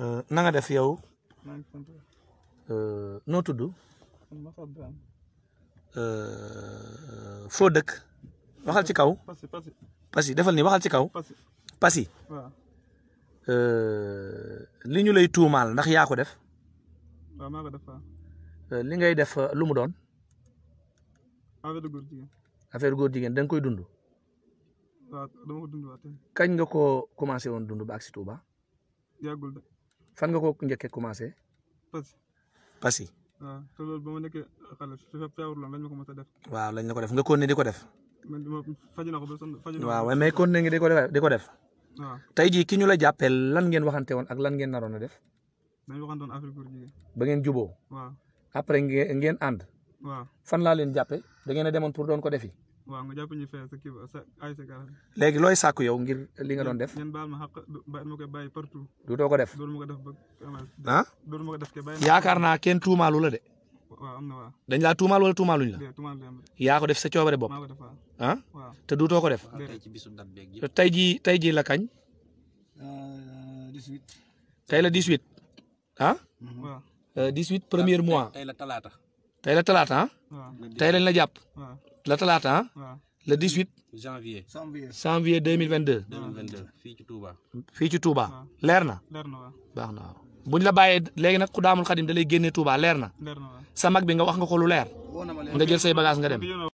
Euh, na nga def yow euh, noo tudd euh, foo dëkk waxal ci kaw Passy defal nii waxal ci kaw Passy li ñu lay tuumaal ndax yaa ko def li ngay def lu mu doon affaire góor jigéen da nga koy dund kañ nga ko commencé woon dund ba ak si fan nga ko njëkkee commencé. Passy. Passy. waaw te loolu ba ma nekkee xale su fekkee feebar la lañ ko a def. waaw lañ la ko def nga continué di ko def. na ko waaw mais continué ngi di ko def di ko def. waaw jii ki ñu la jàppee lan ngeen waxante woon ak lan ngeen naroon a def. dañ waxantoon Afrique pour jigéen. ba ngeen juboo. waaw après ngeen ngeen ànd. waaw fan laa leen jàppee da ngeen demoon pour doon ko defi. waaw nga jàpp léegi looy sakk yow ngir li nga doon def. ngeen baal ma xaq ma ko def dootuma ko def ba. ah dootuma def yaakaar naa kenn tuumaalu la de. waaw am na waaw. dañ laa tuumaal wala tuumaaluñ la. yaa ko def sa coobare bopp. ah te dootoo ko def. tey jii tey jii la kañ. Euh, tey la 18. ah. waaw 18 euh, premier mois. tey la talaata. tey la talaata ah. tey la jàpp. la talaata ah? le 18. janvier janvier deux mille vingt deux. fii ci Touba. fii ci Touba leer na. baax na buñ la bàyyee léegi nag ku Xudaamul Xadim da lay génnee Touba leer na. sa mag bi nga wax nga ko lu leer. nga jël say bagage nga dem.